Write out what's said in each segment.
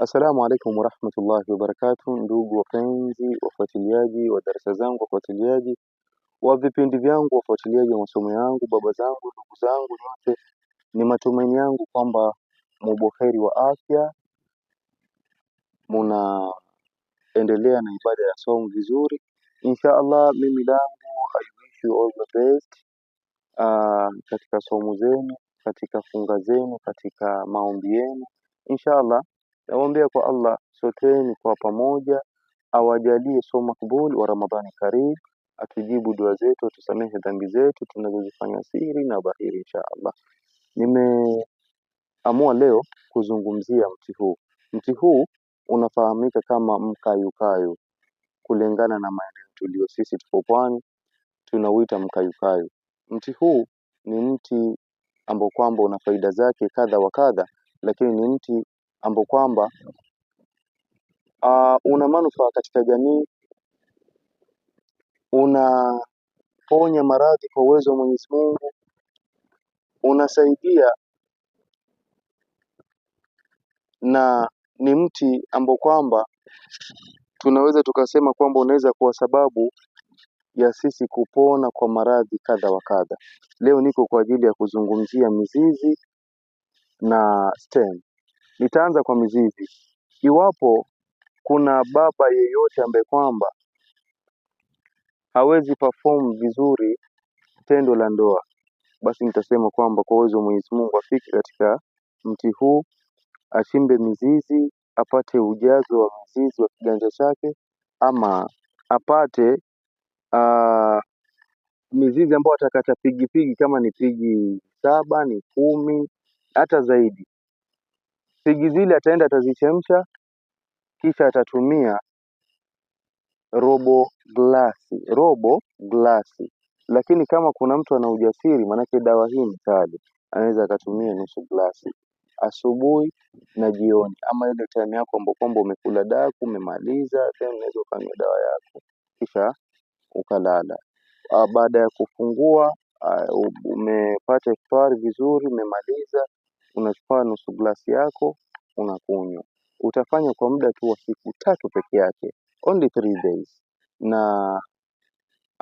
Assalamu alaikum warahmatullahi wabarakatu, ndugu wapenzi wafuatiliaji wa darasa zangu, wafuatiliaji wa vipindi vyangu, wafuatiliaji wa masomo yangu, baba zangu, ndugu zangu nyote, ni matumaini yangu kwamba muboheri wa afya, munaendelea na ibada ya somo vizuri. Insha Allah, mimi langu I wish you all the best uh, katika somo zenu, katika funga zenu, katika maombi yenu insha Allah. Nawaombea kwa Allah soteni kwa pamoja, awajalie so makbul wa Ramadhani karim, atujibu dua zetu, atusamehe dhambi zetu tunazozifanya siri na bahiri insha Allah. Nimeamua leo kuzungumzia mti huu. Mti huu unafahamika kama mkayukayu kulingana na maeneo tulio sisi, tuko pwani, tunauita mkayukayu. Mti huu ni mti ambao kwamba una faida zake kadha wa kadha, lakini ni mti ambao kwamba uh, una manufaa katika jamii, unaponya maradhi kwa uwezo wa Mwenyezi Mungu, unasaidia na ni mti ambao kwamba tunaweza tukasema kwamba unaweza kuwa sababu ya sisi kupona kwa maradhi kadha wa kadha. Leo niko kwa ajili ya kuzungumzia mizizi na stem. Nitaanza kwa mizizi. Iwapo kuna baba yeyote ambaye kwamba hawezi perform vizuri tendo la ndoa, basi nitasema kwamba kwa uwezo wa Mwenyezi Mungu afike katika mti huu, achimbe mizizi, apate ujazo wa mizizi wa kiganja chake, ama apate uh, mizizi ambayo atakata pigipigi, kama ni pigi saba, ni kumi, hata zaidi Siagi zile ataenda atazichemsha, kisha atatumia robo glasi, robo glasi. Lakini kama kuna mtu ana ujasiri, maanake dawa hii ni kali, anaweza akatumia nusu glasi asubuhi na jioni, ama ile time yako ambapo kwamba umekula daku umemaliza, then unaweza ukanywa dawa yako kisha ukalala. Ah, baada ya kufungua ah, umepata iftar vizuri, umemaliza, unachukua nusu glasi yako unakunywa. Utafanya kwa muda tu wa siku tatu peke yake, only three days, na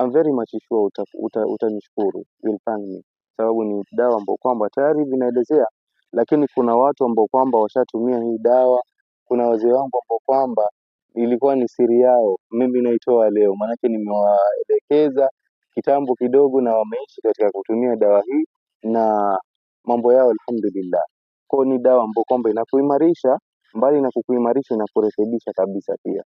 I'm very much sure uta, uta, utanishukuru, you'll thank me, sababu ni dawa ambayo kwamba tayari vinaelezea, lakini kuna watu ambao kwamba washatumia hii dawa. Kuna wazee wangu ambao kwamba ilikuwa ni siri yao, mimi naitoa leo, maanake nimewaelekeza kitambo kidogo, na wameishi katika kutumia dawa hii na mambo yao alhamdulillah kwao ni dawa ambayo kwamba inakuimarisha mbali na kukuimarisha inakurekebisha kabisa pia.